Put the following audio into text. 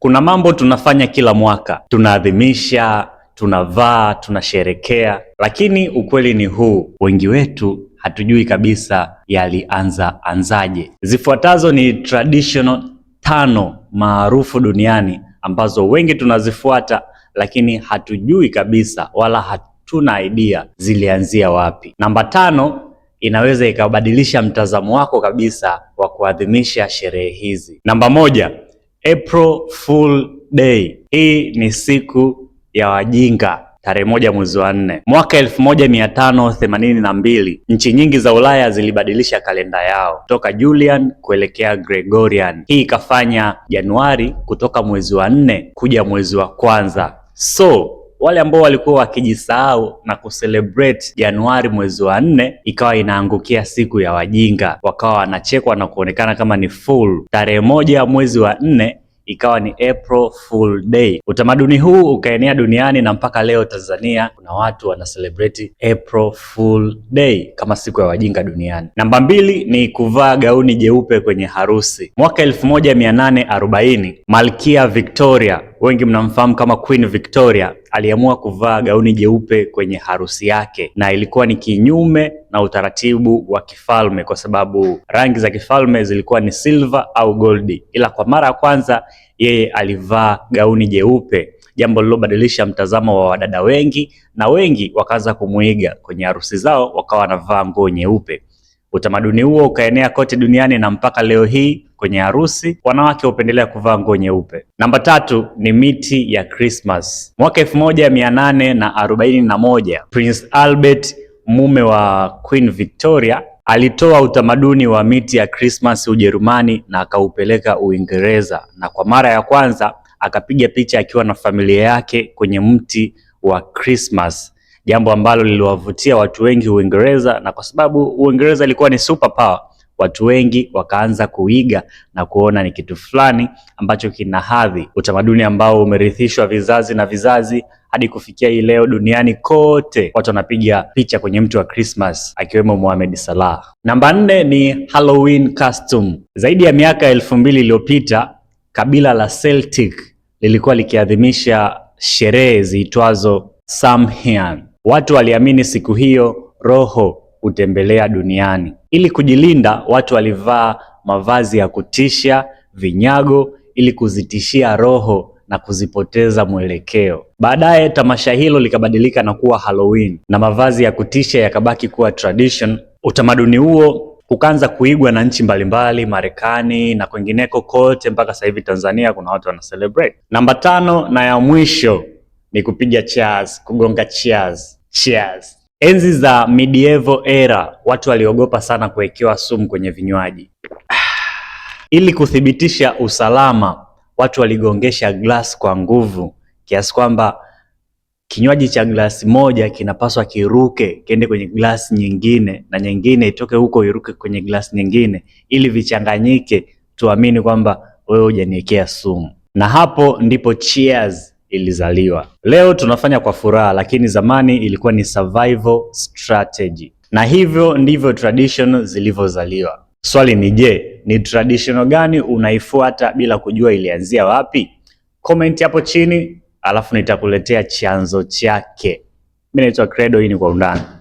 Kuna mambo tunafanya kila mwaka, tunaadhimisha, tunavaa, tunasherekea, lakini ukweli ni huu, wengi wetu hatujui kabisa yalianza anzaje. Zifuatazo ni traditional tano maarufu duniani ambazo wengi tunazifuata, lakini hatujui kabisa wala hatuna idea zilianzia wapi. Namba tano inaweza ikabadilisha mtazamo wako kabisa wa kuadhimisha sherehe hizi. Namba moja April Fool Day. Hii ni siku ya wajinga. Tarehe moja mwezi wa nne mwaka elfu moja mia tano themanini na mbili nchi nyingi za Ulaya zilibadilisha kalenda yao kutoka Julian kuelekea Gregorian. Hii ikafanya Januari kutoka mwezi wa nne kuja mwezi wa kwanza so wale ambao walikuwa wakijisahau na kucelebrate Januari mwezi wa nne, ikawa inaangukia siku ya wajinga, wakawa wanachekwa na kuonekana kama ni fool. Tarehe moja mwezi wa nne ikawa ni April Fool Day. Utamaduni huu ukaenea duniani na mpaka leo Tanzania kuna watu wana celebrate April Fool Day kama siku ya wajinga duniani. Namba mbili ni kuvaa gauni jeupe kwenye harusi. Mwaka 1840 Malkia Victoria wengi mnamfahamu kama Queen Victoria, aliamua kuvaa gauni jeupe kwenye harusi yake, na ilikuwa ni kinyume na utaratibu wa kifalme, kwa sababu rangi za kifalme zilikuwa ni silva au goldi, ila kwa mara ya kwanza yeye alivaa gauni jeupe, jambo lilobadilisha mtazamo wa wadada wengi, na wengi wakaanza kumuiga kwenye harusi zao, wakawa wanavaa nguo nyeupe. Utamaduni huo ukaenea kote duniani na mpaka leo hii kwenye harusi wanawake hupendelea kuvaa nguo nyeupe. Namba tatu ni miti ya Christmas. Mwaka elfu moja mia nane na arobaini na moja Prince Albert mume wa Queen Victoria alitoa utamaduni wa miti ya Christmas Ujerumani na akaupeleka Uingereza, na kwa mara ya kwanza akapiga picha akiwa na familia yake kwenye mti wa Christmas jambo ambalo liliwavutia watu wengi Uingereza, na kwa sababu Uingereza ilikuwa ni superpower, watu wengi wakaanza kuiga na kuona ni kitu fulani ambacho kina hadhi, utamaduni ambao umerithishwa vizazi na vizazi hadi kufikia hii leo duniani kote watu wanapiga picha kwenye mti wa Christmas akiwemo Mohamed Salah. Namba nne ni Halloween costume. Zaidi ya miaka elfu mbili iliyopita kabila la Celtic lilikuwa likiadhimisha sherehe ziitwazo Samhain. Watu waliamini siku hiyo roho hutembelea duniani. Ili kujilinda, watu walivaa mavazi ya kutisha, vinyago, ili kuzitishia roho na kuzipoteza mwelekeo. Baadaye tamasha hilo likabadilika na kuwa Halloween na mavazi ya kutisha yakabaki kuwa tradition. Utamaduni huo ukaanza kuigwa na nchi mbalimbali, Marekani na kwingineko kote, mpaka sasa hivi Tanzania kuna watu wana celebrate. Namba tano na ya mwisho ni kupiga cheers, kugonga cheers, cheers. Enzi za medieval era watu waliogopa sana kuwekewa sumu kwenye vinywaji. Ili kuthibitisha usalama, watu waligongesha glass kwa nguvu kiasi kwamba kinywaji cha glasi moja kinapaswa kiruke kiende kwenye glasi nyingine na nyingine itoke huko iruke kwenye glasi nyingine, ili vichanganyike, tuamini kwamba wewe hujaniwekea sumu. Na hapo ndipo cheers ilizaliwa. Leo tunafanya kwa furaha, lakini zamani ilikuwa ni survival strategy, na hivyo ndivyo tradition zilivyozaliwa. Swali ni je, ni traditional gani unaifuata bila kujua ilianzia wapi? Comment hapo chini, alafu nitakuletea chanzo chake. Mimi naitwa Credo, hii ni kwa undani.